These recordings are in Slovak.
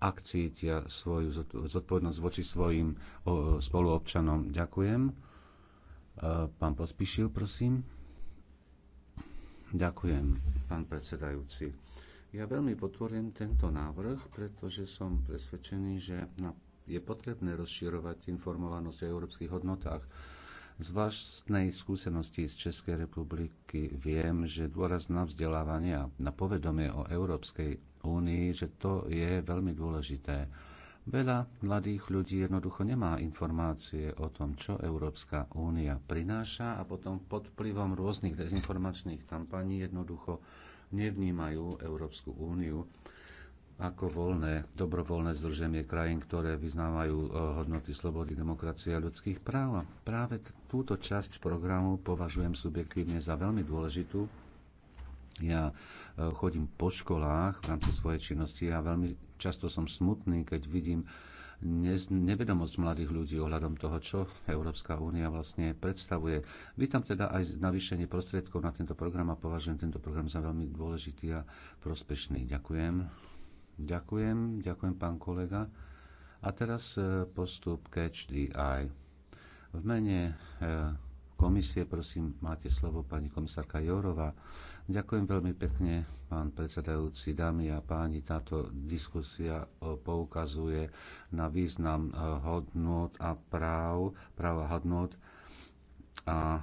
ak cítia svoju zodpovednosť voči svojim spoluobčanom. Ďakujem. E, pán Pospišil, prosím. Ďakujem, pán predsedajúci. Ja veľmi podporujem tento návrh, pretože som presvedčený, že je potrebné rozširovať informovanosť o európskych hodnotách z vlastnej skúsenosti z Českej republiky viem, že dôraz na vzdelávanie a na povedomie o Európskej únii, že to je veľmi dôležité. Veľa mladých ľudí jednoducho nemá informácie o tom, čo Európska únia prináša a potom pod vplyvom rôznych dezinformačných kampaní jednoducho nevnímajú Európsku úniu ako voľné, dobrovoľné združenie krajín, ktoré vyznávajú eh, hodnoty slobody, demokracie a ľudských práv. A práve túto časť programu považujem subjektívne za veľmi dôležitú. Ja eh, chodím po školách v rámci svojej činnosti a veľmi často som smutný, keď vidím nevedomosť mladých ľudí ohľadom toho, čo Európska únia vlastne predstavuje. Vítam teda aj navýšenie prostriedkov na tento program a považujem tento program za veľmi dôležitý a prospešný. Ďakujem. Ďakujem, ďakujem pán kolega. A teraz e, postup Catch the Eye. V mene e, komisie, prosím, máte slovo pani komisárka Jorová. Ďakujem veľmi pekne, pán predsedajúci, dámy a páni. Táto diskusia e, poukazuje na význam hodnot a práv, práva hodnot a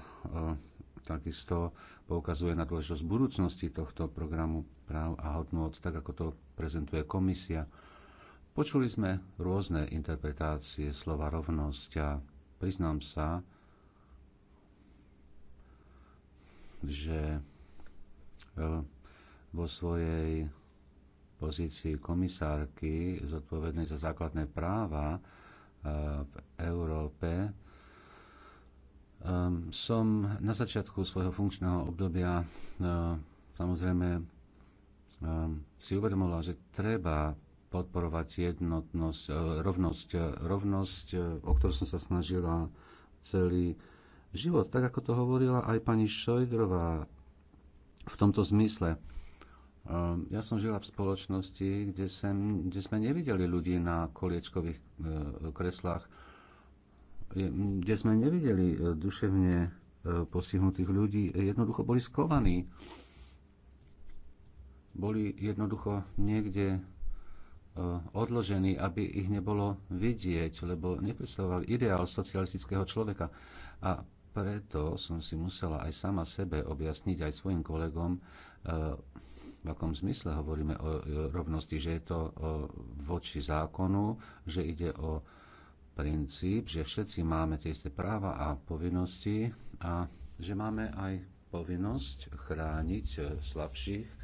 takisto poukazuje na dôležitosť budúcnosti tohto programu práv a hodnot, tak ako to prezentuje komisia. Počuli sme rôzne interpretácie slova rovnosť a priznám sa, že eh, vo svojej pozícii komisárky zodpovednej za základné práva eh, v Európe eh, som na začiatku svojho funkčného obdobia samozrejme Ehm, si uvedomila, že treba podporovať jednotnosť, e, rovnosť, e, rovnosť, e, o ktorú som sa snažila celý život. Tak ako to hovorila aj pani Šojdrová v tomto zmysle. Ehm, ja som žila v spoločnosti, kde, sem, kde sme nevideli ľudí na koliečkových kreslách, kde sme nevideli duševne postihnutých ľudí, jednoducho boli skovaní boli jednoducho niekde e, odložení, aby ich nebolo vidieť, lebo nepredstavoval ideál socialistického človeka. A preto som si musela aj sama sebe objasniť, aj svojim kolegom, e, v akom zmysle hovoríme o rovnosti, že je to e, voči zákonu, že ide o princíp, že všetci máme tie isté práva a povinnosti a že máme aj povinnosť chrániť slabších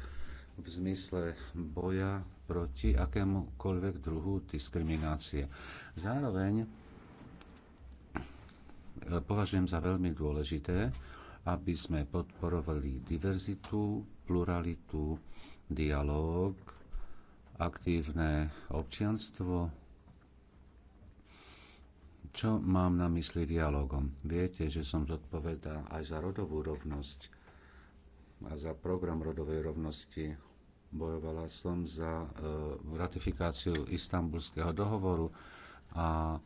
v zmysle boja proti akémukoľvek druhu diskriminácie. Zároveň e, považujem za veľmi dôležité, aby sme podporovali diverzitu, pluralitu, dialog, aktívne občianstvo. Čo mám na mysli dialogom? Viete, že som zodpovedá aj za rodovú rovnosť a za program rodovej rovnosti. Bojovala som za e, ratifikáciu istambulského dohovoru a e,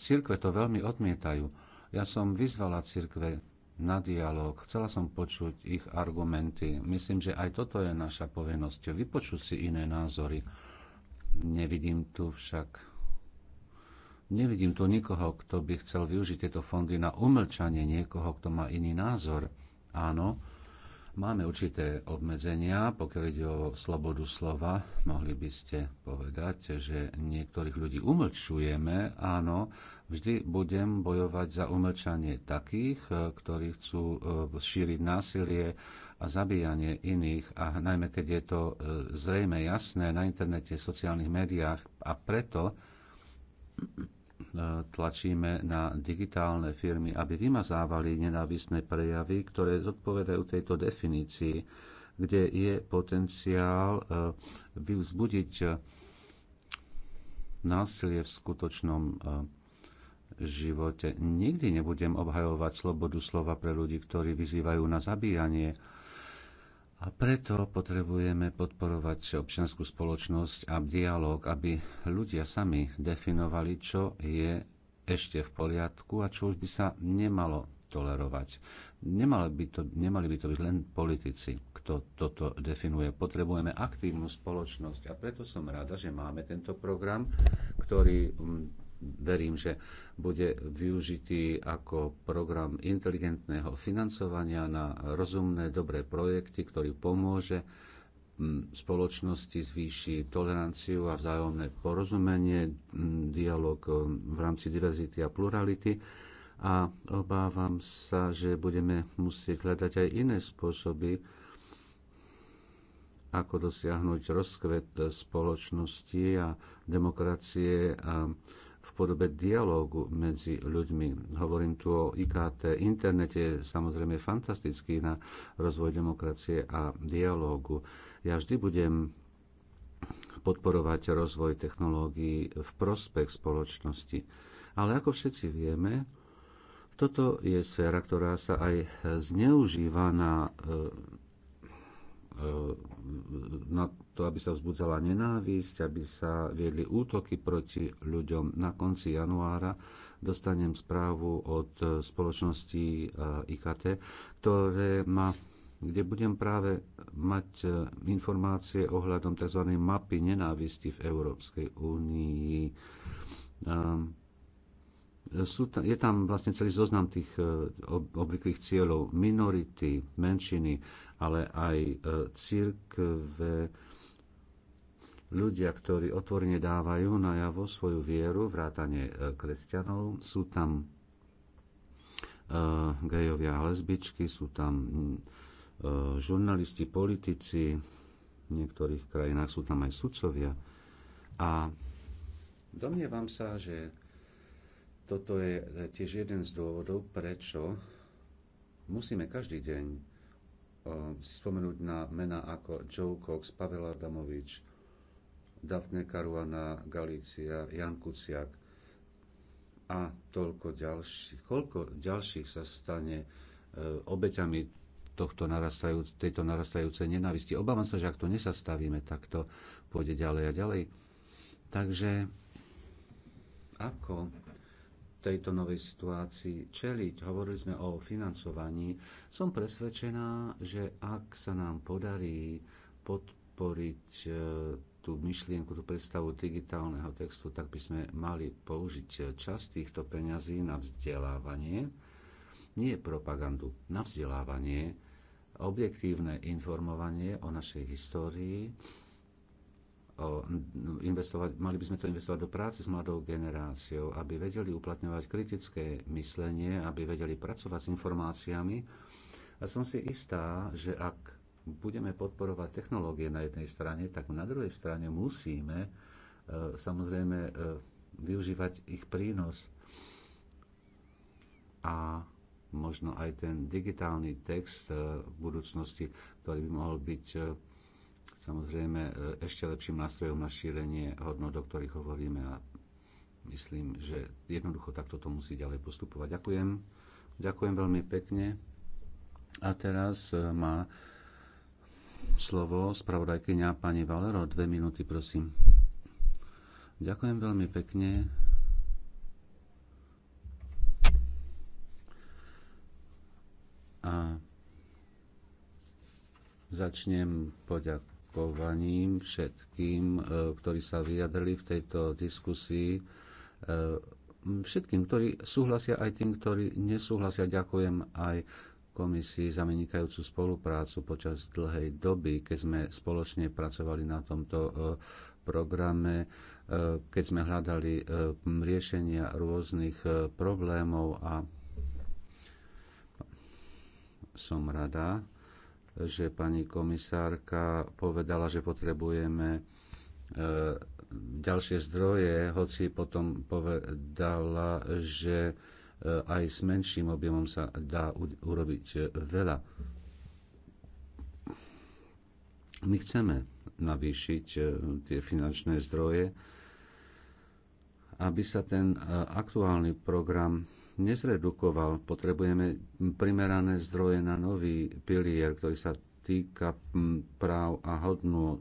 církve to veľmi odmietajú. Ja som vyzvala církve na dialog, chcela som počuť ich argumenty. Myslím, že aj toto je naša povinnosť, vypočuť si iné názory. Nevidím tu však Nevidím tu nikoho, kto by chcel využiť tieto fondy na umlčanie niekoho, kto má iný názor. Áno, máme určité obmedzenia, pokiaľ ide o slobodu slova. Mohli by ste povedať, že niektorých ľudí umlčujeme. Áno, vždy budem bojovať za umlčanie takých, eh, ktorí chcú eh, šíriť násilie a zabíjanie iných, a najmä keď je to eh, zrejme jasné na internete, sociálnych médiách. A preto tlačíme na digitálne firmy, aby vymazávali nenávisné prejavy, ktoré zodpovedajú tejto definícii, kde je potenciál e, vzbudiť e, násilie v skutočnom e, živote. Nikdy nebudem obhajovať slobodu slova pre ľudí, ktorí vyzývajú na zabíjanie a preto potrebujeme podporovať občianskú spoločnosť a dialog, aby ľudia sami definovali, čo je ešte v poriadku a čo už by sa nemalo tolerovať. Nemali by to, nemali by to byť len politici, kto toto definuje. Potrebujeme aktívnu spoločnosť a preto som rada, že máme tento program, ktorý verím, že bude využitý ako program inteligentného financovania na rozumné, dobré projekty, ktorý pomôže spoločnosti zvýši toleranciu a vzájomné porozumenie, dialog v rámci diverzity a plurality a obávam sa, že budeme musieť hľadať aj iné spôsoby, ako dosiahnuť rozkvet spoločnosti a demokracie a podobe dialógu medzi ľuďmi. Hovorím tu o IKT. Internet je samozrejme fantastický na rozvoj demokracie a dialógu. Ja vždy budem podporovať rozvoj technológií v prospech spoločnosti. Ale ako všetci vieme, toto je sféra, ktorá sa aj zneužíva na e, E, na to, aby sa vzbudzala nenávisť, aby sa viedli útoky proti ľuďom. Na konci januára dostanem správu od spoločnosti e, IKT, ktoré má kde budem práve mať e, informácie ohľadom tzv. mapy nenávisti v Európskej únii. je tam vlastne celý zoznam tých obvyklých cieľov. Minority, menšiny, ale aj e, církve, ľudia, ktorí otvorene dávajú najavo svoju vieru, vrátane e, kresťanov, sú tam e, gejovia a lesbičky, sú tam žurnalisti, politici, v niektorých krajinách sú tam aj sudcovia. A domnievam sa, že toto je tiež jeden z dôvodov, prečo musíme každý deň Eh, spomenúť na mená ako Joe Cox, Pavel Adamovič, Daphne Caruana Galícia, Jan Kuciak a toľko ďalších. Koľko ďalších sa stane eh, obeťami tohto narastajúc, tejto narastajúcej nenávisti. Obávam sa, že ak to nesastavíme, tak to pôjde ďalej a ďalej. Takže ako tejto novej situácii čeliť. Hovorili sme o financovaní. Som presvedčená, že ak sa nám podarí podporiť e, tú myšlienku, tú predstavu digitálneho textu, tak by sme mali použiť e, časť týchto peňazí na vzdelávanie, nie propagandu, na vzdelávanie, objektívne informovanie o našej histórii, investovať, mali by sme to investovať do práce s mladou generáciou, aby vedeli uplatňovať kritické myslenie, aby vedeli pracovať s informáciami. A som si istá, že ak budeme podporovať technológie na jednej strane, tak na druhej strane musíme e, samozrejme e, využívať ich prínos. A možno aj ten digitálny text e, v budúcnosti, ktorý by mohol byť samozrejme e, ešte lepším nástrojom na šírenie hodnot, o ktorých hovoríme a myslím, že jednoducho takto to musí ďalej postupovať. Ďakujem. Ďakujem veľmi pekne. A teraz e, má slovo spravodajkyňa pani Valero. Dve minúty, prosím. Ďakujem veľmi pekne. A začnem poďak poďakovaním všetkým, e, ktorí sa vyjadrili v tejto diskusii. E, všetkým, ktorí súhlasia, aj tým, ktorí nesúhlasia, ďakujem aj komisii za vynikajúcu spoluprácu počas dlhej doby, keď sme spoločne pracovali na tomto e, programe, keď sme hľadali riešenia rôznych problémov a som rada, že pani komisárka povedala, že potrebujeme e, ďalšie zdroje, hoci potom povedala, že e, aj s menším objemom sa dá urobiť e, veľa. My chceme navýšiť tie finančné zdroje, aby sa ten aktuálny program nezredukoval. Potrebujeme primerané zdroje na nový pilier, ktorý sa týka práv a hodnot,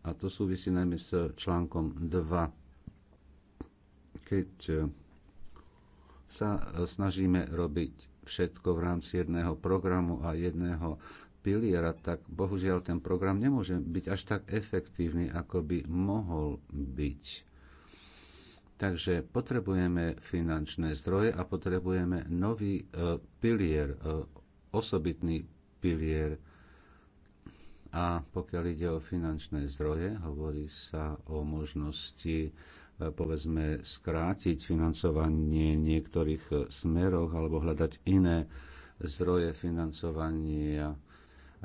A to súvisí najmä s článkom 2. Keď e, sa snažíme robiť všetko v rámci jedného programu a jedného piliera, tak bohužiaľ ten program nemôže byť až tak efektívny, ako by mohol byť. Takže potrebujeme finančné zdroje a potrebujeme nový e, pilier, e, osobitný pilier. A pokiaľ ide o finančné zdroje, hovorí sa o možnosti e, povedzme skrátiť financovanie v niektorých smeroch alebo hľadať iné zdroje financovania.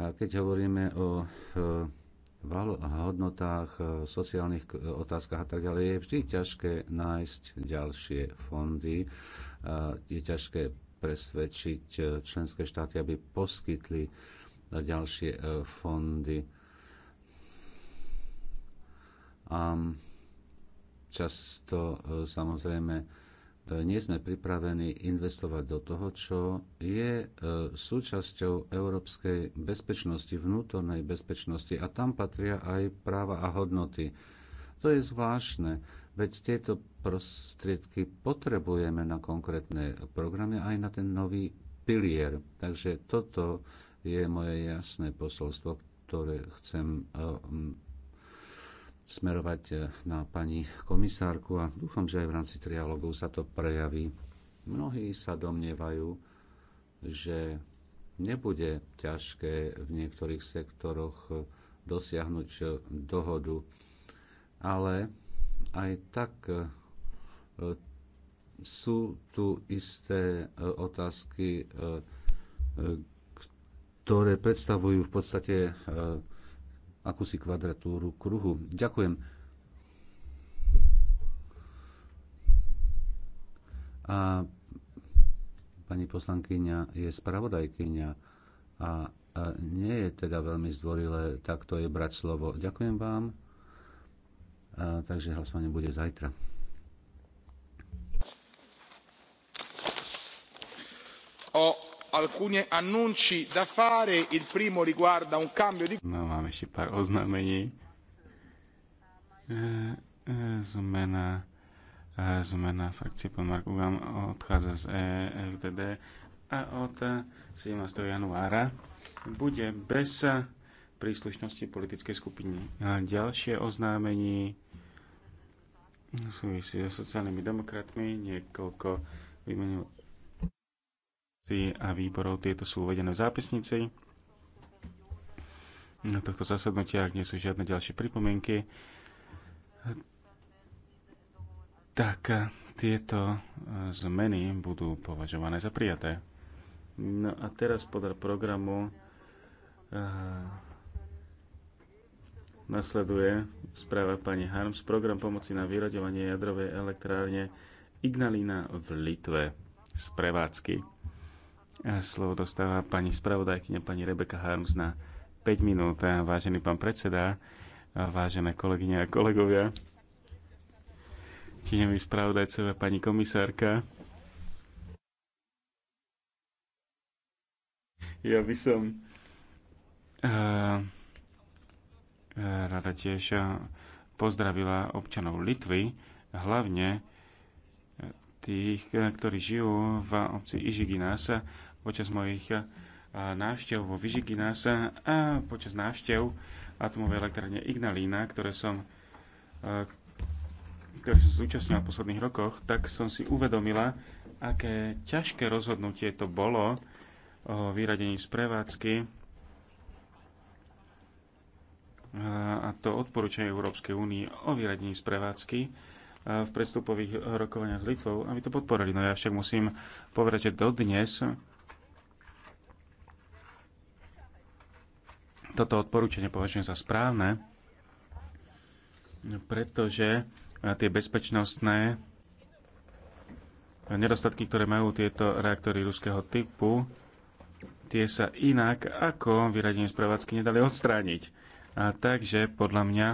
A keď hovoríme o hodnotách, e, sociálnych e, otázkach a tak ďalej, je vždy ťažké nájsť ďalšie fondy. E, je ťažké presvedčiť členské štáty, aby poskytli ďalšie fondy. A často samozrejme nie sme pripravení investovať do toho, čo je e, súčasťou európskej bezpečnosti, vnútornej bezpečnosti a tam patria aj práva a hodnoty. To je zvláštne, veď tieto prostriedky potrebujeme na konkrétne programy aj na ten nový pilier. Takže toto je moje jasné posolstvo, ktoré chcem e, smerovať e, na pani komisárku a dúfam, že aj v rámci trialógu sa to prejaví. Mnohí sa domnievajú, že nebude ťažké v niektorých sektoroch e, dosiahnuť e, dohodu, ale aj tak sú tu isté otázky, ktoré predstavujú v podstate akúsi kvadratúru kruhu. Ďakujem. A pani poslankyňa je spravodajkyňa a nie je teda veľmi zdvorilé takto je brať slovo. Ďakujem vám. A, takže hlasovanie bude zajtra. O alcuni annunci da fare. Il primo riguarda un cambio di... No, máme ešte pár oznámení. Eh, eh, zmena, eh, zmena frakcie pán Mark Ugan odchádza z EFDD a od 17. januára bude bez príslušnosti politickej skupiny. ďalšie oznámení súvisí so sociálnymi demokratmi, niekoľko vymenil a výborov. Tieto sú uvedené v zápisnici na tohto zasadnutia, ak nie sú žiadne ďalšie pripomienky, tak tieto zmeny budú považované za prijaté. No a teraz podľa programu eh, nasleduje správa pani Harms, program pomoci na vyraďovanie jadrovej elektrárne Ignalina v Litve z prevádzky. Slovo dostáva pani spravodajkyňa, pani Rebeka Harms na 5 minút. Vážený pán predseda, vážené kolegyne a kolegovia, mi spravodajcová, pani komisárka. Ja by som uh, rada tiež pozdravila občanov Litvy, hlavne tých, ktorí žijú v obci Ižiginása, počas mojich eh, návštev vo Vyžiginasa a počas návštev atomovej elektrárne Ignalína, ktoré som, eh, ktoré som zúčastnil v posledných rokoch, tak som si uvedomila, aké ťažké rozhodnutie to bolo eh, o vyradení z prevádzky a to odporúčanie Európskej únie o vyradení z prevádzky v predstupových rokovaniach s Litvou, aby to podporili. No ja však musím povedať, že dodnes toto odporúčanie považujem za správne, pretože eh, tie bezpečnostné nedostatky, ktoré majú tieto reaktory ruského typu, tie sa inak ako vyradenie z prevádzky nedali odstrániť. A takže podľa mňa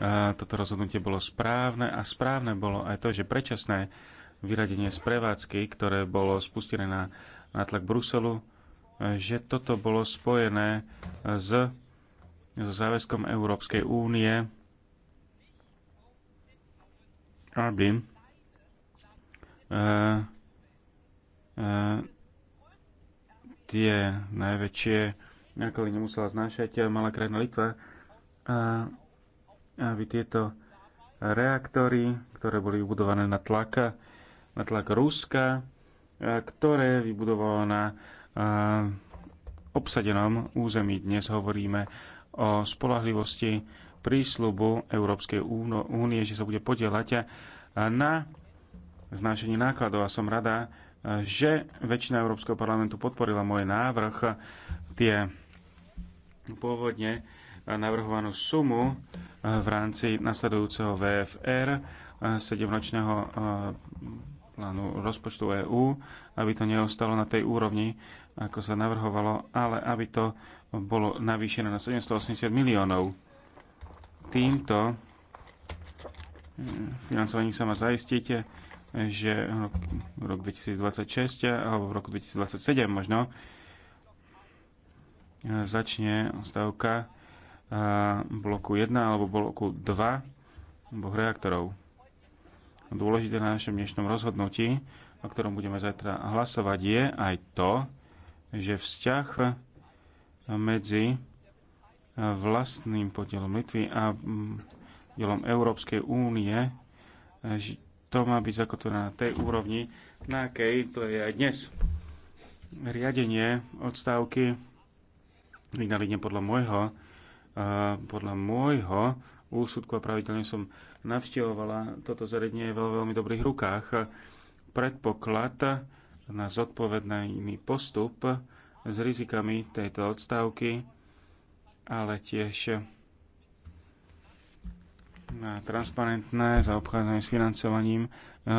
a eh, toto rozhodnutie bolo správne a správne bolo aj to, že predčasné vyradenie z prevádzky, ktoré bolo spustené na nátlak Bruselu, že toto bolo spojené s, s záväzkom Európskej únie, aby e, e, tie najväčšie náklady nemusela znášať malá krajina Litva, a e, aby tieto reaktory, ktoré boli vybudované na tlak, na tlak Ruska, ktoré vybudovalo na obsadenom území. Dnes hovoríme o spolahlivosti prísľubu Európskej únie, že sa bude podielať na znášení nákladov. A som rada, že väčšina Európskeho parlamentu podporila môj návrh. Tie pôvodne navrhovanú sumu v rámci nasledujúceho VFR 7-ročného eh, plánu rozpočtu EÚ, aby to neostalo na tej úrovni, ako sa navrhovalo, ale aby to bolo navýšené na 780 miliónov. Týmto eh, financovaním sa má zaistiť, eh, že v roku 2026 alebo v roku 2027 možno eh, začne stavka bloku 1 alebo bloku 2 oboch reaktorov. Dôležité na našom dnešnom rozhodnutí, o ktorom budeme zajtra hlasovať, je aj to, že vzťah medzi vlastným podielom Litvy a podielom mm, Európskej únie, že to má byť zakotvené na tej úrovni, na akej to je aj dnes. Riadenie odstávky vydali podľa môjho, podľa môjho úsudku a pravidelne som navštevovala toto zariadenie je v veľmi dobrých rukách. Predpoklad na zodpovedný postup s rizikami tejto odstávky, ale tiež na transparentné zaobchádzanie s financovaním e,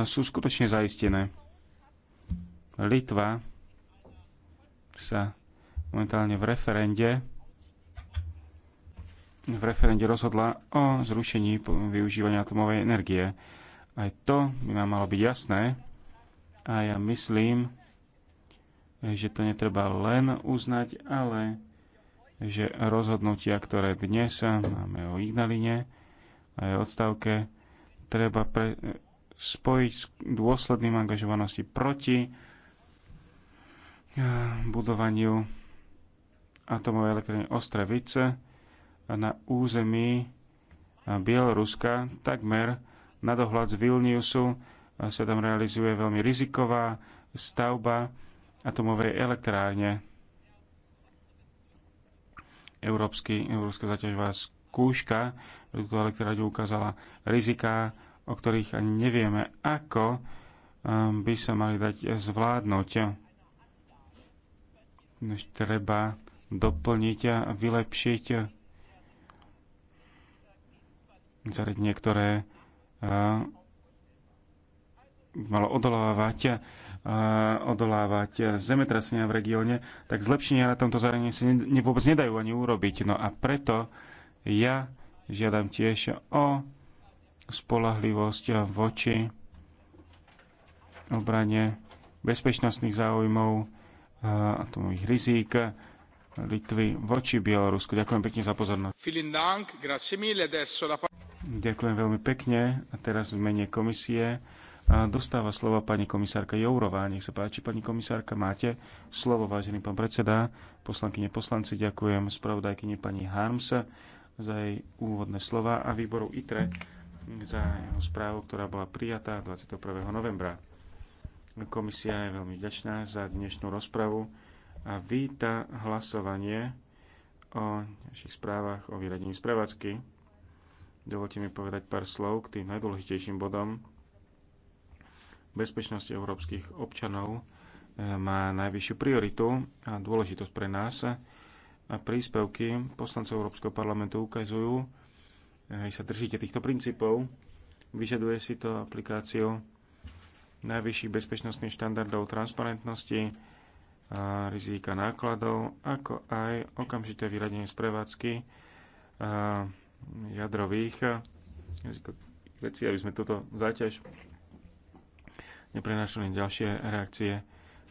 sú skutočne zaistené. Litva sa momentálne v referende v referende rozhodla o zrušení využívania atomovej energie. Aj to by nám malo byť jasné, a ja myslím, že to netreba len uznať, ale že rozhodnutia, ktoré dnes máme o Ignaline a aj odstavke, treba pre, spojiť s dôsledným angažovanosti proti eh, budovaniu atomovej elektrárne Ostravice na území Bieloruska takmer na dohľad z Vilniusu sa tam realizuje veľmi riziková stavba atomovej elektrárne. Európsky, Európska zaťažová skúška túto elektrárne ukázala riziká, o ktorých ani nevieme, ako um, by sa mali dať zvládnuť. Treba doplniť a vylepšiť um, zariť niektoré uh, malo odolávať odolávať zemetrasenia v regióne, tak zlepšenia na tomto zariadení si vôbec nedajú ani urobiť. No a preto ja žiadam tiež o spolahlivosť voči obrane bezpečnostných záujmov a ich rizík Litvy voči Bielorusku. Ďakujem pekne za pozornosť. Ďakujem veľmi pekne. A teraz v mene komisie dostáva slovo pani komisárka Jourová. Nech sa páči, pani komisárka, máte slovo, vážený pán predseda, poslankyne, poslanci, ďakujem spravodajkyne pani Harms za jej úvodné slova a výboru ITRE za jeho správu, ktorá bola prijatá 21. novembra. Komisia je veľmi vďačná za dnešnú rozpravu a víta hlasovanie o našich správach o vyradení z prevádzky. Dovolte mi povedať pár slov k tým najdôležitejším bodom bezpečnosť európskych občanov eh, má najvyššiu prioritu a dôležitosť pre nás. A príspevky poslancov Európskeho parlamentu ukazujú, eh, že sa držíte týchto princípov. Vyžaduje si to aplikáciu najvyšších bezpečnostných štandardov transparentnosti, a rizika nákladov, ako aj okamžité vyradenie z prevádzky jadrových eh, vecí, aby sme túto záťaž neprenášali ďalšie reakcie.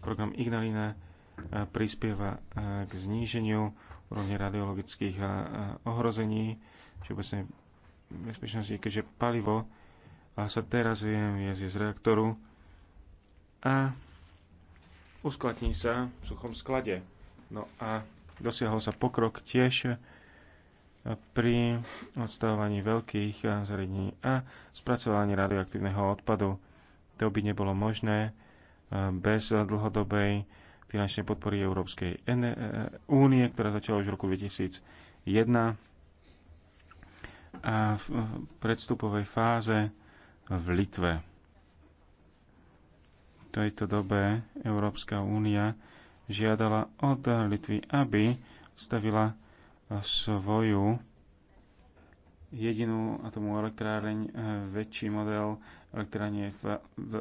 Program Ignalina eh, prispieva eh, k zníženiu úrovne radiologických eh, ohrození všeobecnej bezpečnosti, keďže palivo sa teraz viesť z reaktoru a uskladní sa v suchom sklade. No a dosiahol sa pokrok tiež pri odstavovaní veľkých zariadení a spracovaní radioaktívneho odpadu. To by nebolo možné eh, bez dlhodobej finančnej podpory Európskej eh, eh, únie, ktorá začala už v roku 2001. A v predstupovej fáze v Litve. V tejto dobe Európska únia žiadala od Litvy, aby stavila svoju jedinú atomovú elektráreň, eh, väčší model elektrárne v, v,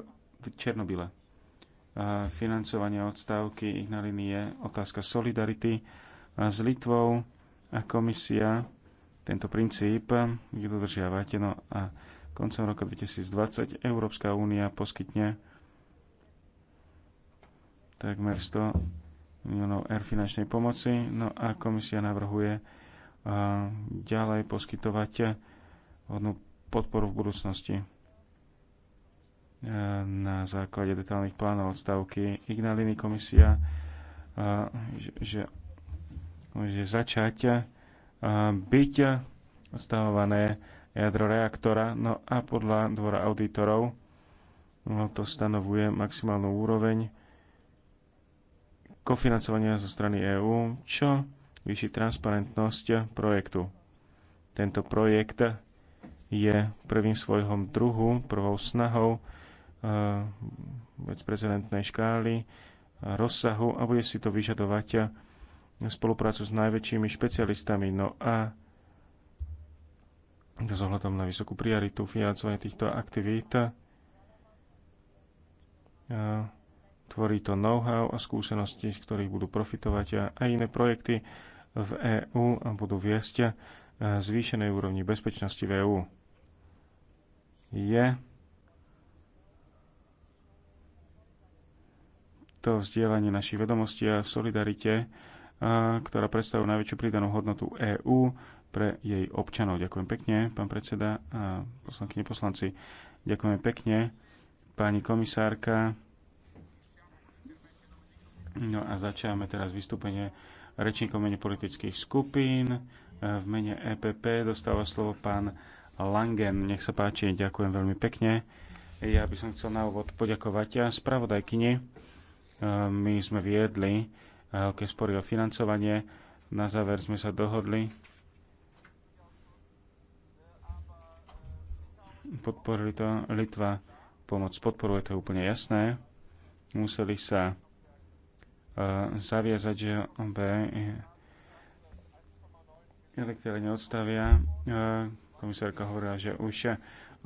v Černobyle. Eh, financovanie odstávky Ignaliny je otázka solidarity eh, s Litvou a komisia tento princíp je dodržiavate. No a koncom roka 2020 Európska únia poskytne takmer 100 miliónov R finančnej pomoci. No a komisia navrhuje ďalej poskytovať hodnú podporu v budúcnosti. E, na základe detálnych plánov odstavky Ignaliny komisia, e, že že začať e, byť odstavované jadro reaktora, no a podľa dvora auditorov no, to stanovuje maximálnu úroveň kofinancovania zo strany EÚ, čo vyšší transparentnosť projektu. Tento projekt je prvým svojho druhu, prvou snahou eh, prezidentnej škály, rozsahu a bude si to vyžadovať eh, spoluprácu s najväčšími špecialistami. No a s ohľadom na vysokú prioritu financovania týchto aktivít eh, Tvorí to know-how a skúsenosti, z ktorých budú profitovať aj iné projekty v EÚ a budú viesť e, zvýšenej úrovni bezpečnosti v EÚ. Je to vzdielanie našich vedomostí a solidarite, e, ktorá predstavuje najväčšiu pridanú hodnotu EÚ pre jej občanov. Ďakujem pekne, pán predseda a poslanky poslanci. Ďakujem pekne, pani komisárka. No a začíname teraz vystúpenie rečníkov mene politických skupín. E, v mene EPP dostáva slovo pán Langen. Nech sa páči, ďakujem veľmi pekne. Ja by som chcel na úvod poďakovať a spravodajkyni. E, my sme viedli e, veľké spory o financovanie. Na záver sme sa dohodli, podporili to Litva. Pomoc podporuje, to je úplne jasné. Museli sa zaviazať, že obe elektrárne odstavia. Komisárka hovorila, že už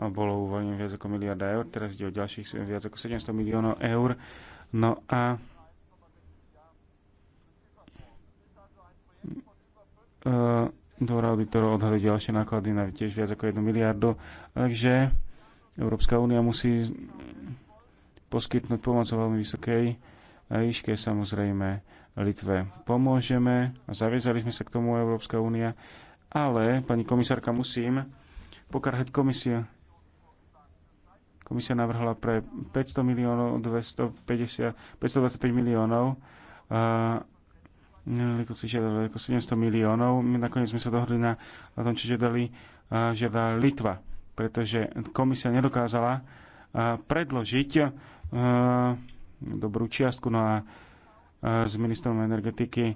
bolo uvoľnené viac ako miliarda eur, teraz ide o ďalších viac ako 700 miliónov eur. No a e, dvora auditorov odhaduje ďalšie náklady na tiež viac ako 1 miliardu. Takže Európska únia musí poskytnúť pomoc o veľmi vysokej Líške samozrejme Litve pomôžeme. Zaviezali sme sa k tomu Európska únia. Ale, pani komisárka, musím pokarhať komisia. Komisia navrhla pre 500 miliónov, 250, 525 miliónov. Uh, si žiadali ako 700 miliónov. My nakoniec sme sa dohodli na, na tom, čo žiadali, uh, žiada Litva, pretože komisia nedokázala uh, predložiť uh, dobrú čiastku. No a e, s ministrom energetiky e,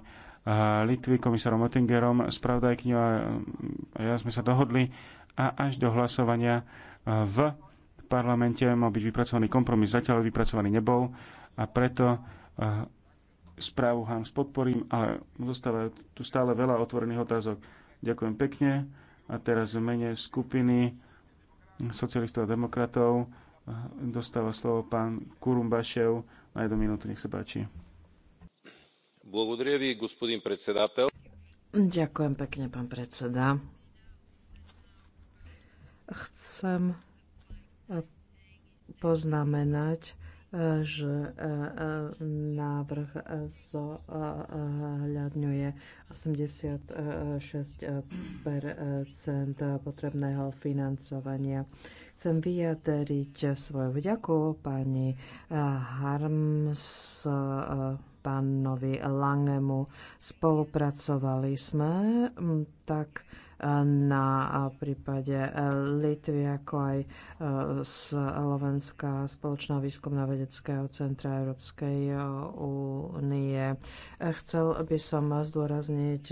Litvy, komisárom Oettingerom, spravodajkňou e, a ja sme sa dohodli a až do hlasovania v parlamente mal byť vypracovaný kompromis, zatiaľ vypracovaný nebol a preto správu s podporím, ale zostáva tu stále veľa otvorených otázok. Ďakujem pekne a teraz v mene skupiny socialistov a demokratov Dostáva slovo pán Kurumbašev na jednu minútu, nech sa páči. Ďakujem pekne, pán predseda. Chcem eh, poznamenať, eh, že eh, návrh zohľadňuje 86 potrebného financovania. Chcem vyjadriť svoju vďaku pani eh, Harms, eh, pánovi Langemu. Spolupracovali sme hm, tak eh, na prípade Litvy, ako aj Slovenská spoločná výskumná vedeckého centra Európskej únie. Chcel by som zdôrazniť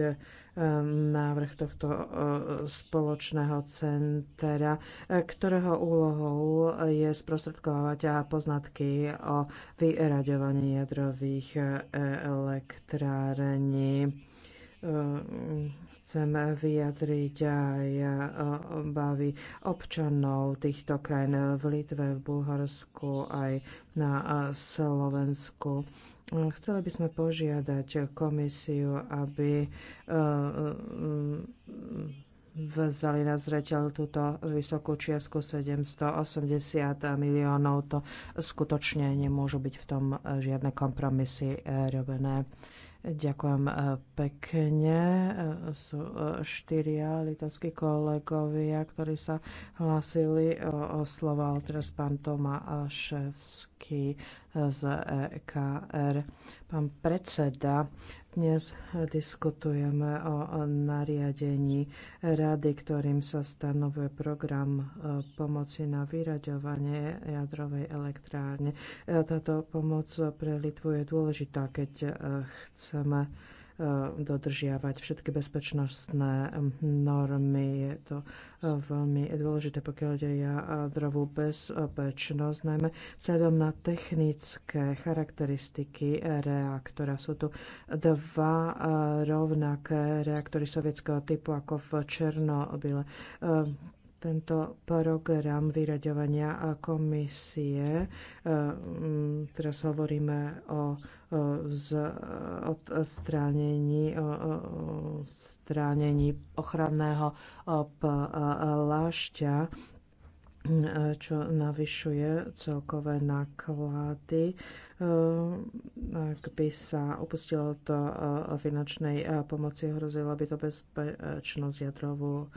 návrh tohto e, spoločného centra, e, ktorého úlohou je sprostredkovať poznatky o vyraďovaní jadrových e, elektrární chcem vyjadriť aj obavy občanov týchto krajín v Litve, v Bulharsku, aj na Slovensku. Chceli by sme požiadať komisiu, aby e, e, vzali na zreteľ túto vysokú čiastku 780 miliónov. To skutočne nemôžu byť v tom žiadne kompromisy robené. Ďakujem e, pekne. E, sú e, štyria litovskí kolegovia, ktorí sa hlásili o slova. Teraz pán Tomáševský z EKR. Pán predseda, dnes diskutujeme o nariadení rady, ktorým sa stanovuje program e, pomoci na vyraďovanie jadrovej elektrárne. E, táto pomoc pre Litvu je dôležitá, keď e, chceme E, dodržiavať všetky bezpečnostné normy. Je to e, veľmi dôležité, pokiaľ ide drovú bezpečnosť, najmä vzhľadom na technické charakteristiky reaktora. Sú tu dva e, rovnaké reaktory sovietského typu ako v Černobyle tento program vyraďovania komisie. Teraz hovoríme o z e, odstránení, e, e, stránení ochranného plášťa čo navyšuje celkové náklady. Ak by sa opustilo to finančnej pomoci, hrozila by to bezpečnosť jadrovú.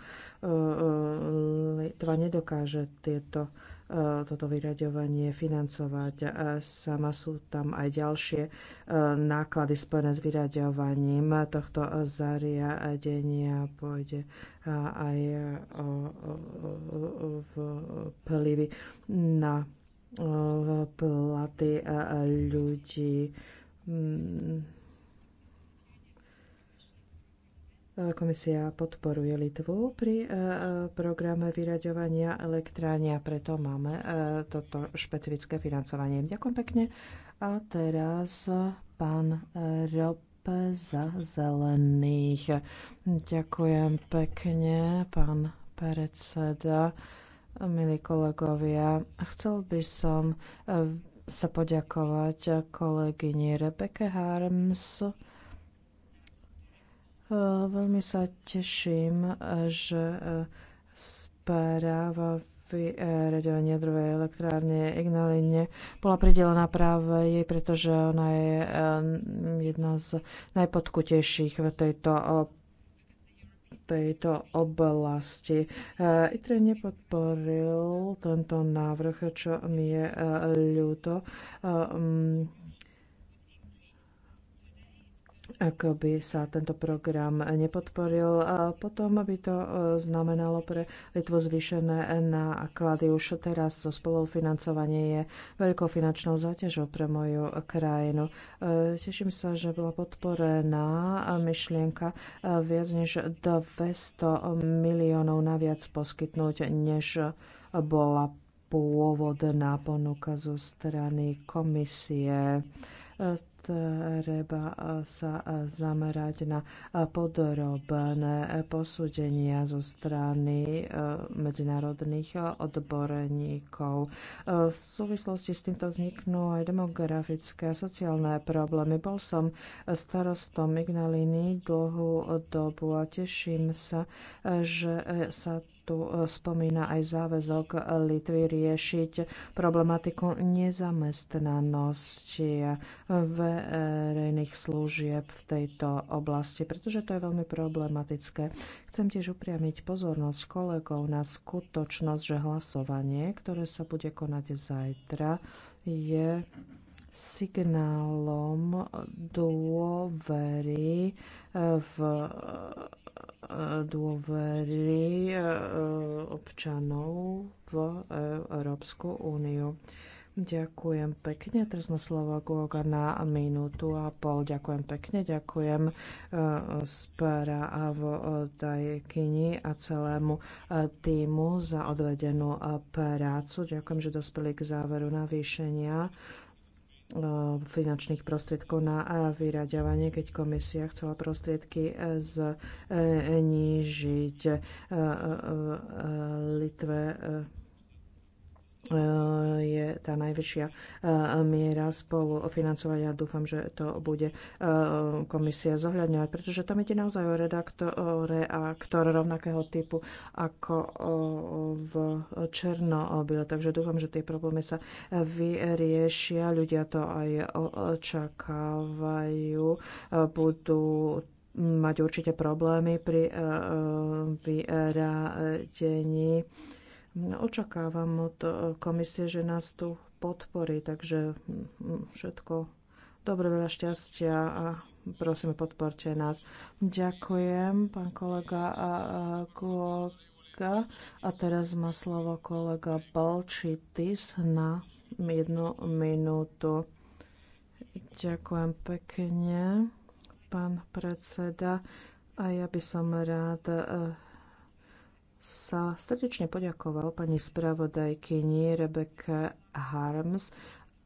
Litva nedokáže tieto E, toto vyraďovanie financovať. E, sama sú tam aj ďalšie e, náklady spojené s vyraďovaním tohto zariadenia. Pôjde aj vplyvy na platy ľudí. Mm, Komisia podporuje Litvu pri e, e, programe vyraďovania elektrárne a preto máme e, toto špecifické financovanie. Ďakujem pekne. A teraz pán Rob za zelených. Ďakujem pekne, pán predseda. Milí kolegovia, chcel by som sa poďakovať kolegyni Rebeke Harms, Eh, veľmi sa teším, eh, že eh, správa v radovi druhej elektrárne Ignaline bola pridelená práve jej, pretože ona je jedna z najpodkutejších v tejto tejto oblasti. ITRE nepodporil tento návrh, čo mi je ľúto. Ak by sa tento program nepodporil, potom by to e, znamenalo pre Litvu zvýšené náklady. Už teraz to spolufinancovanie je veľkou finančnou záťažou pre moju krajinu. E, teším sa, že bola podporená myšlienka e, viac než 200 miliónov naviac poskytnúť, než bola pôvodná ponuka zo strany komisie treba e, sa e, zamerať na e, podrobné posúdenia zo strany medzinárodných odborníkov. V súvislosti s týmto vzniknú aj demografické a sociálne problémy. Bol som starostom Ignaliny dlhú dobu a teším sa, že sa tu spomína aj záväzok Litvy riešiť problematiku nezamestnanosti. Ve verejných služieb v tejto oblasti, pretože to je veľmi problematické. Chcem tiež upriamiť pozornosť kolegov na skutočnosť, že hlasovanie, ktoré sa bude konať zajtra, je signálom dôvery e, v e, dôvery e, občanov v Európsku úniu. Ďakujem pekne. Teraz na slovo Goga na minútu a pol. Ďakujem pekne. Ďakujem Spera e, a a celému e, týmu za odvedenú e, prácu. Ďakujem, že dospeli k záveru navýšenia finančných prostriedkov na vyraďovanie, keď komisia chcela prostriedky znížiť Litve Eh, je tá najvyššia eh, miera spolu financovať Ja dúfam, že to bude eh, komisia zohľadňovať, pretože tam ide naozaj o redaktore a ktor rovnakého typu ako v Černobyle. Takže dúfam, že tie problémy sa vyriešia. Ľudia to aj očakávajú. Budú mať určite problémy pri vyradení. Uh, No, očakávam od e, komisie, že nás tu podporí, takže mm, mm, všetko dobre, veľa šťastia a prosím, podporte nás. Ďakujem, pán kolega a, a, a teraz má slovo kolega Balčitis na jednu minútu. Ďakujem pekne, pán predseda. A ja by som rád e, sa srdečne poďakoval pani spravodajkyni Rebecca Harms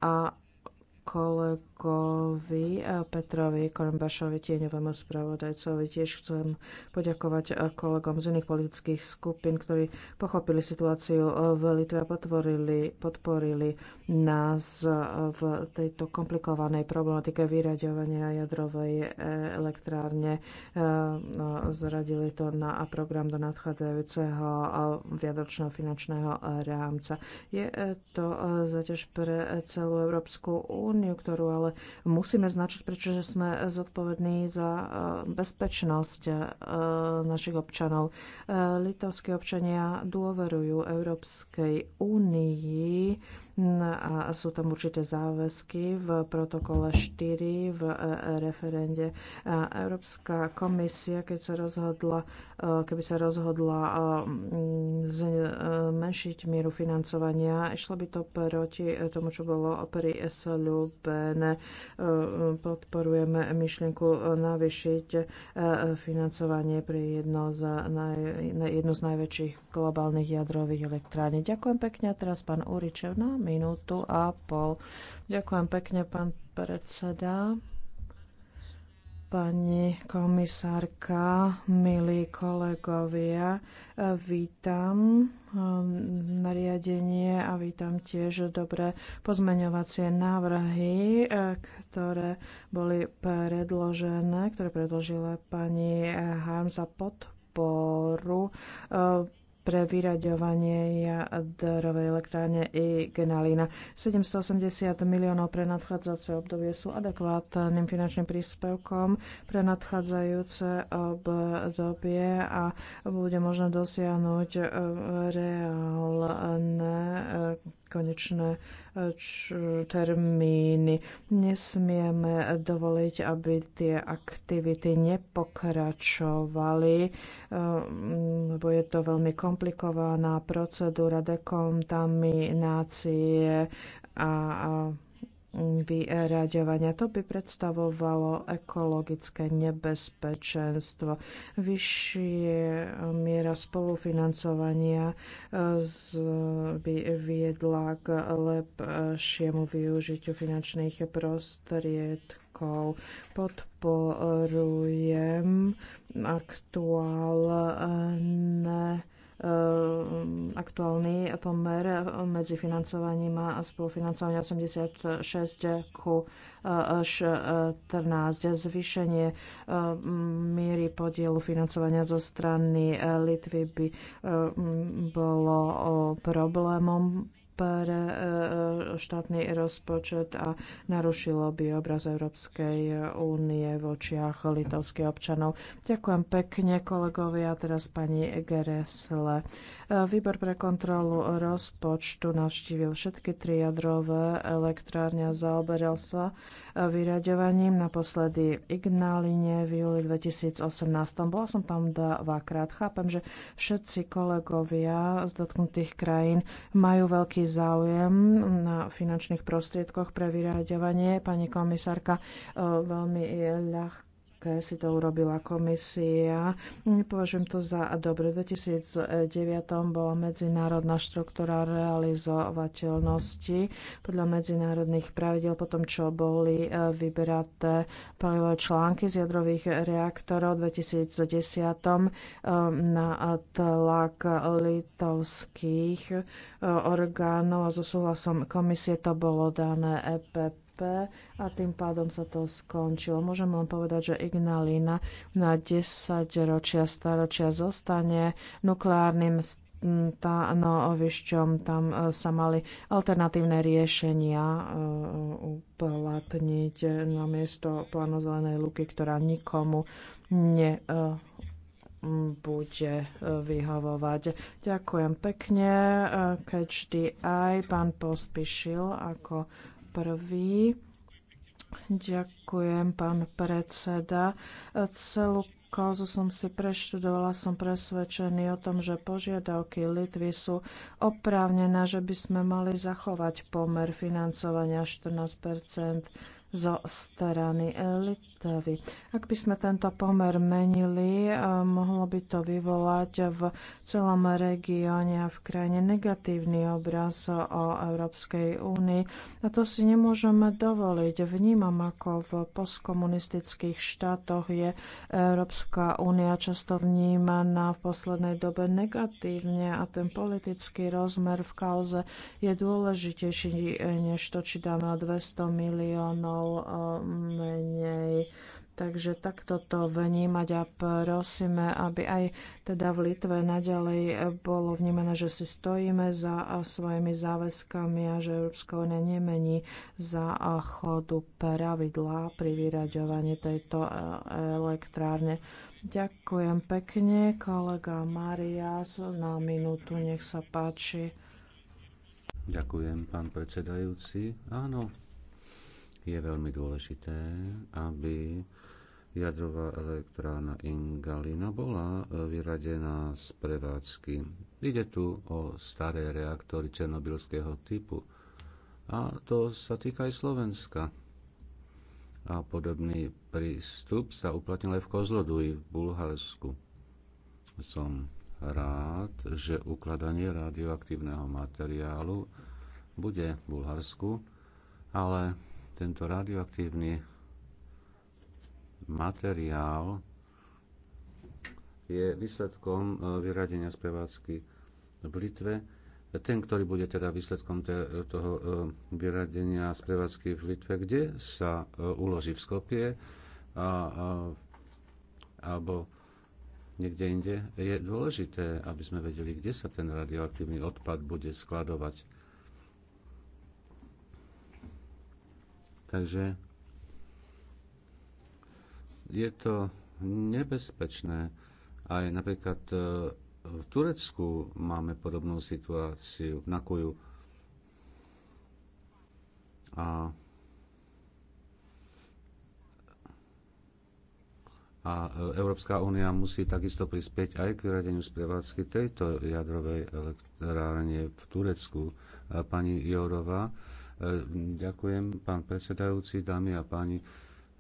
a kolegovi eh, Petrovi Kolembašovi tieňovému spravodajcovi. Tiež chcem poďakovať eh, kolegom z iných politických skupín, ktorí pochopili situáciu eh, v Litve a potvorili, podporili nás v tejto komplikovanej problematike vyraďovania jadrovej elektrárne. No, zradili to na program do nadchádzajúceho viadočného finančného rámca. Je to zaťaž pre celú Európsku úniu úniu, ktorú ale musíme značiť, pretože sme zodpovední za e, bezpečnosť e, našich občanov. E, Litovskí občania dôverujú Európskej únii a sú tam určité záväzky v protokole 4 v referende. Európska komisia, keď sa rozhodla Eh, keby sa rozhodla eh, mm, eh, zmenšiť mieru financovania. Išlo by to proti tomu, čo bolo pri SLUBN. Podporujeme myšlienku navýšiť financovanie pri jedno, z, naj, jednu z najväčších globálnych jadrových elektrární. Ďakujem pekne. teraz pán Uričev na minútu a pol. Ďakujem pekne, pán predseda. Pani komisárka, milí kolegovia, vítam um, nariadenie a vítam tiež dobré pozmeňovacie návrhy, eh, ktoré boli predložené, ktoré predložila pani eh, Harms za podporu eh, pre vyraďovanie jadrovej elektrárne i Genalina. 780 miliónov pre nadchádzajúce obdobie sú adekvátnym finančným príspevkom pre nadchádzajúce obdobie a bude možné dosiahnuť e, reálne e, konečné e, termíny. Nesmieme dovoliť, aby tie aktivity nepokračovali, lebo je to veľmi komplikované komplikovaná procedúra dekontaminácie a, a vyraďovania. To by predstavovalo ekologické nebezpečenstvo. Vyššie miera spolufinancovania e, by viedla k lepšiemu využitiu finančných prostriedkov. Podporujem aktuálne Eh, aktuálny pomer medzi financovaním a spolufinancovaním 86 ku 14. Eh, eh, Zvýšenie miery podielu financovania zo strany Litvy by bolo problémom pre e, e, štátny rozpočet a narušilo by obraz Európskej únie v očiach litovských občanov. Ďakujem pekne kolegovia, teraz pani Geresle. E, Výbor pre kontrolu rozpočtu navštívil všetky tri jadrové elektrárne a zaoberal sa vyraďovaním naposledy Ignaline v júli 2018. Bola som tam dvakrát. Chápem, že všetci kolegovia z dotknutých krajín majú veľký záujem na finančných prostriedkoch pre vyraďovanie. Pani komisárka eh, veľmi ľahko aké si to urobila komisia. Nepovažujem to za dobre. V 2009 bola medzinárodná štruktúra realizovateľnosti podľa medzinárodných pravidel, potom čo boli e, vyberaté palivové články z jadrových reaktorov v 2010 e, na tlak litovských e, orgánov a so súhlasom komisie to bolo dané EPP EPP a tým pádom sa to skončilo. Môžem len povedať, že Ignalina na 10 ročia, staročia zostane nukleárnym tánovišťom, tam e, sa mali alternatívne riešenia e, uplatniť na miesto plánu zelenej luky, ktorá nikomu ne e, bude vyhovovať. Ďakujem pekne. Keď the pán pospíšil, ako prvý. Ďakujem, pán predseda. Celú kauzu som si preštudovala, som presvedčený o tom, že požiadavky Litvy sú oprávnené, že by sme mali zachovať pomer financovania 14 zo strany Litvy. Ak by sme tento pomer menili, eh, mohlo by to vyvolať v celom regióne a v krajine negatívny obraz o Európskej únii. A to si nemôžeme dovoliť. Vnímam, ako v postkomunistických štátoch je Európska únia často vnímaná v poslednej dobe negatívne a ten politický rozmer v kauze je dôležitejší než to, či dáme 200 miliónov mal eh, menej. Takže takto to vnímať a prosíme, aby aj teda v Litve naďalej eh, bolo vnímané, že si stojíme za eh, svojimi záväzkami a že Európska únia nemení za chodu pravidlá pri vyraďovaní tejto elektrárne. Ďakujem pekne, kolega Marias, na minútu, nech sa páči. Ďakujem, pán predsedajúci. Áno, je veľmi dôležité, aby jadrová elektrána Ingalina bola e, vyradená z prevádzky. Ide tu o staré reaktory černobylského typu. A to sa týka aj Slovenska. A podobný prístup sa uplatnil aj v Kozloduji v Bulharsku. Som rád, že ukladanie radioaktívneho materiálu bude v Bulharsku, ale tento radioaktívny materiál je výsledkom e, vyradenia z prevádzky v Litve. Ten, ktorý bude teda výsledkom toho e, vyradenia z prevádzky v Litve, kde sa e, uloží v Skopie a, a, alebo niekde inde, je dôležité, aby sme vedeli, kde sa ten radioaktívny odpad bude skladovať. Takže je to nebezpečné. Aj napríklad e, v Turecku máme podobnú situáciu, v Nakuju. A, a Európska únia musí takisto prispieť aj k vyradeniu z prevádzky tejto jadrovej elektrárne v Turecku. Pani Jorová, E, ďakujem, pán predsedajúci, dámy a páni.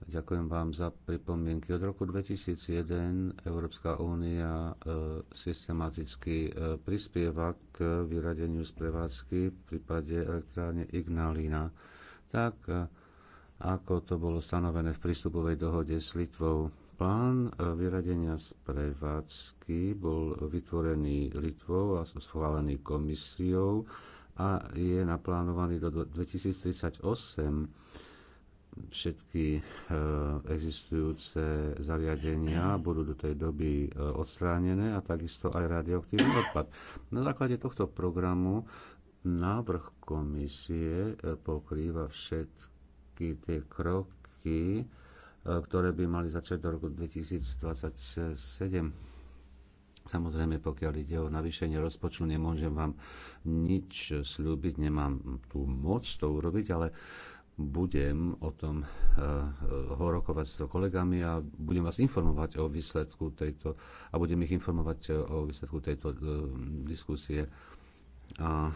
Ďakujem vám za pripomienky. Od roku 2001 Európska únia e, systematicky e, prispieva k vyradeniu z prevádzky v prípade elektrárne Ignalina, tak ako to bolo stanovené v prístupovej dohode s Litvou. Plán vyradenia z prevádzky bol vytvorený Litvou a schválený komisiou a je naplánovaný do 2038 všetky e, existujúce zariadenia budú do tej doby e, odstránené a takisto aj radioaktívny odpad. Na základe tohto programu návrh komisie e, pokrýva všetky tie kroky, ktoré by mali začať do roku 2027 Samozrejme, pokiaľ ide o navýšenie rozpočtu, nemôžem vám nič slúbiť, nemám tú moc to urobiť, ale budem o tom eh, horokovať s kolegami a budem vás informovať o výsledku tejto a budem ich informovať o výsledku tejto eh, diskusie. A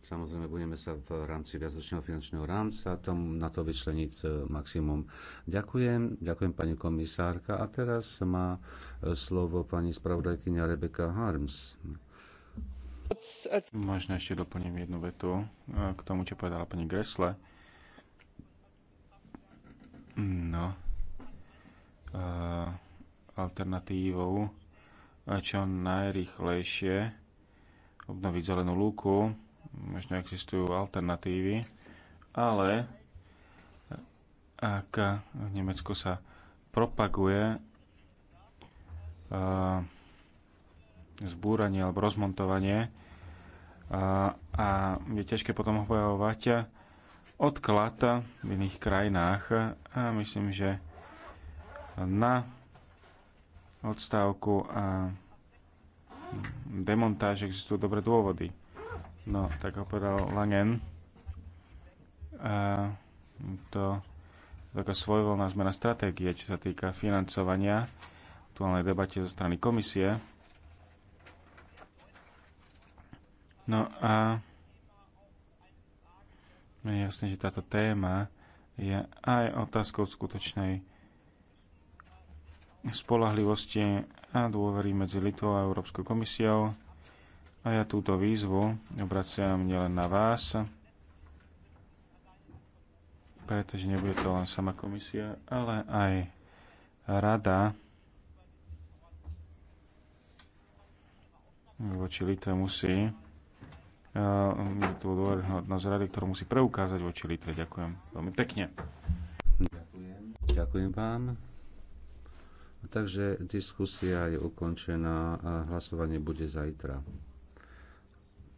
Samozrejme, budeme sa v rámci viacročného finančného rámca tom na to vyčleniť e, maximum. Ďakujem, ďakujem pani komisárka. A teraz má e, slovo pani spravodajkynia Rebeka Harms. Možno ešte doplním jednu vetu e, k tomu, čo povedala pani Gresle. No. Alternatívou čo najrychlejšie obnoviť zelenú lúku možno existujú alternatívy, ale ak v Nemecku sa propaguje eh, zbúranie alebo rozmontovanie a, eh, a je ťažké potom obhajovať odklad v iných krajinách. A myslím, že na odstávku a demontáž existujú dobré dôvody. No, tak ho povedal Langen. A to taká svojvoľná zmena stratégie, čo sa týka financovania v aktuálnej debate zo strany komisie. No a je jasné, že táto téma je aj otázkou skutočnej spolahlivosti a dôvery medzi Litvou a Európskou komisiou a ja túto výzvu obraciam nielen na vás, pretože nebude to len sama komisia, ale aj rada voči Litve musí uh, tú dôverhodnosť rady, ktorú musí preukázať voči Litve. Ďakujem veľmi pekne. Ďakujem. Ďakujem vám. Takže diskusia je ukončená a hlasovanie bude zajtra.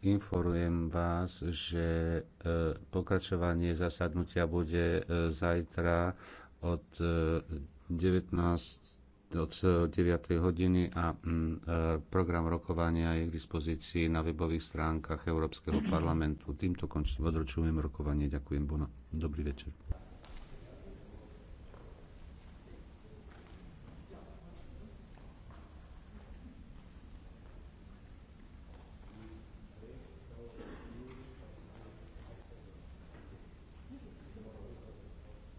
Informujem vás, že e, pokračovanie zasadnutia bude e, zajtra od 19 e, od 9. hodiny a mm, program rokovania je k dispozícii na webových stránkach Európskeho parlamentu. Týmto končím, odročujem rokovanie. Ďakujem, Bono. Dobrý večer.